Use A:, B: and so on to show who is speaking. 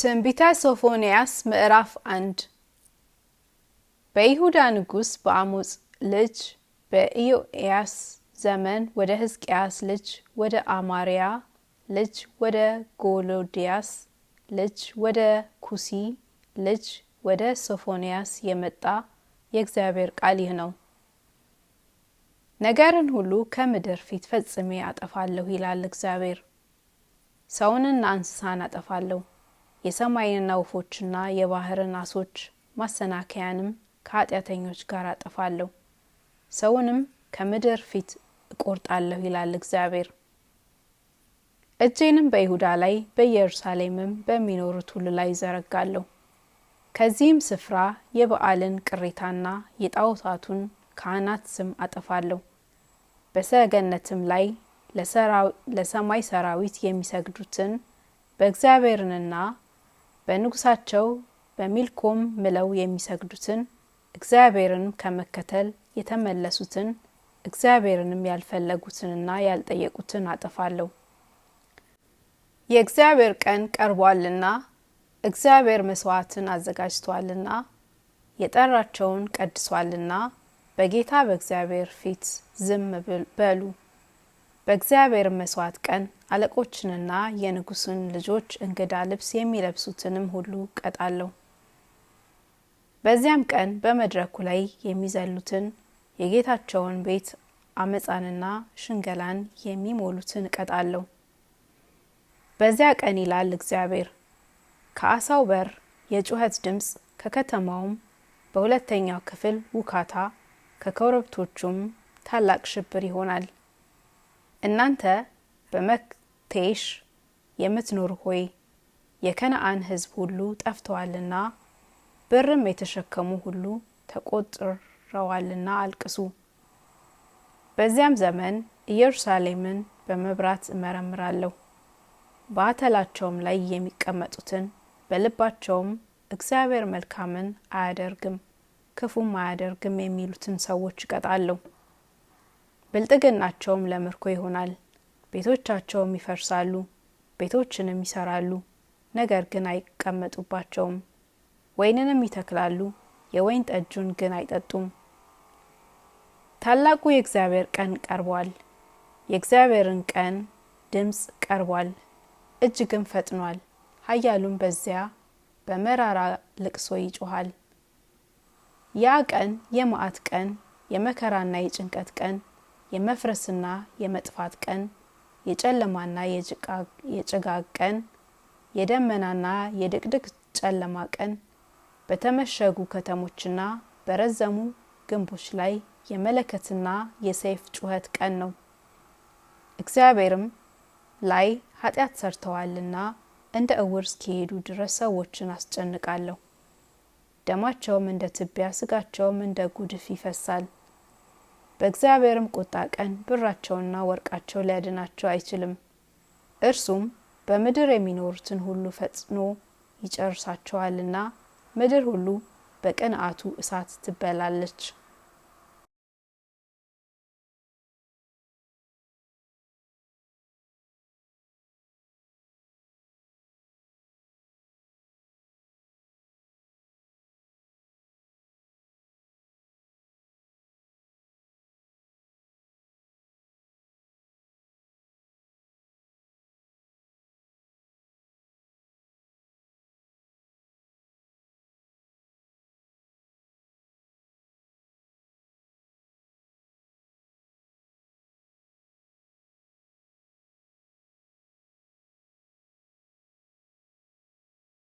A: ትንቢተ ሶፎንያስ ምዕራፍ አንድ በይሁዳ ንጉሥ በአሞጽ ልጅ በኢዮኤያስ ዘመን ወደ ሕዝቅያስ ልጅ ወደ አማርያ ልጅ ወደ ጎሎዲያስ ልጅ ወደ ኩሲ ልጅ ወደ ሶፎንያስ የመጣ የእግዚአብሔር ቃል ይህ ነው። ነገርን ሁሉ ከምድር ፊት ፈጽሜ አጠፋለሁ ይላል እግዚአብሔር። ሰውንና እንስሳን አጠፋለሁ የሰማይንና ወፎችና የባህርን አሶች ማሰናከያንም ከኃጢአተኞች ጋር አጠፋለሁ፣ ሰውንም ከምድር ፊት እቆርጣለሁ ይላል እግዚአብሔር። እጄንም በይሁዳ ላይ በኢየሩሳሌምም በሚኖሩት ሁሉ ላይ ይዘረጋለሁ። ከዚህም ስፍራ የበዓልን ቅሬታና የጣዖታቱን ካህናት ስም አጠፋለሁ። በሰገነትም ላይ ለሰማይ ሰራዊት የሚሰግዱትን በእግዚአብሔርንና በንጉሳቸው በሚልኮም ምለው የሚሰግዱትን እግዚአብሔርን ከመከተል የተመለሱትን እግዚአብሔርንም ያልፈለጉትንና ያልጠየቁትን አጠፋለሁ። የእግዚአብሔር ቀን ቀርቧልና እግዚአብሔር መስዋዕትን አዘጋጅቷልና የጠራቸውን ቀድሷልና በጌታ በእግዚአብሔር ፊት ዝም በሉ። በእግዚአብሔር መስዋዕት ቀን አለቆችንና የንጉሱን ልጆች እንግዳ ልብስ የሚለብሱትንም ሁሉ ቀጣለሁ። በዚያም ቀን በመድረኩ ላይ የሚዘሉትን የጌታቸውን ቤት አመፃንና ሽንገላን የሚሞሉትን እቀጣለሁ። በዚያ ቀን ይላል እግዚአብሔር፣ ከአሳው በር የጩኸት ድምፅ፣ ከከተማውም በሁለተኛው ክፍል ውካታ፣ ከኮረብቶቹም ታላቅ ሽብር ይሆናል። እናንተ በመክ ቴሽ የምትኖር ሆይ የከነአን ህዝብ ሁሉ ጠፍተዋልና ብርም የተሸከሙ ሁሉ ተቆጥረዋልና አልቅሱ። በዚያም ዘመን ኢየሩሳሌምን በመብራት እመረምራለሁ፣ በአተላቸውም ላይ የሚቀመጡትን በልባቸውም እግዚአብሔር መልካምን አያደርግም ክፉም አያደርግም የሚሉትን ሰዎች እቀጣለሁ። ብልጥግናቸውም ለምርኮ ይሆናል። ቤቶቻቸውም ይፈርሳሉ፣ ቤቶችንም ይሰራሉ፣ ነገር ግን አይቀመጡባቸውም። ወይንንም ይተክላሉ፣ የወይን ጠጁን ግን አይጠጡም። ታላቁ የእግዚአብሔር ቀን ቀርቧል። የእግዚአብሔርን ቀን ድምፅ ቀርቧል፣ እጅግም ፈጥኗል። ኃያሉም በዚያ በመራራ ልቅሶ ይጮኋል። ያ ቀን የመዓት ቀን፣ የመከራና የጭንቀት ቀን፣ የመፍረስና የመጥፋት ቀን የጨለማና የጭጋግ ቀን፣ የደመናና የድቅድቅ ጨለማ ቀን በተመሸጉ ከተሞችና በረዘሙ ግንቦች ላይ የመለከትና የሰይፍ ጩኸት ቀን ነው። እግዚአብሔርም ላይ ኃጢአት ሰርተዋልና እንደ እውር እስኪሄዱ ድረስ ሰዎችን አስጨንቃለሁ። ደማቸውም እንደ ትቢያ፣ ስጋቸውም እንደ ጉድፍ ይፈሳል። በእግዚአብሔርም ቁጣ ቀን ብራቸውና ወርቃቸው ሊያድናቸው አይችልም። እርሱም በምድር የሚኖሩትን ሁሉ ፈጽኖ ይጨርሳቸዋልና ምድር ሁሉ በቅንዓቱ እሳት ትበላለች።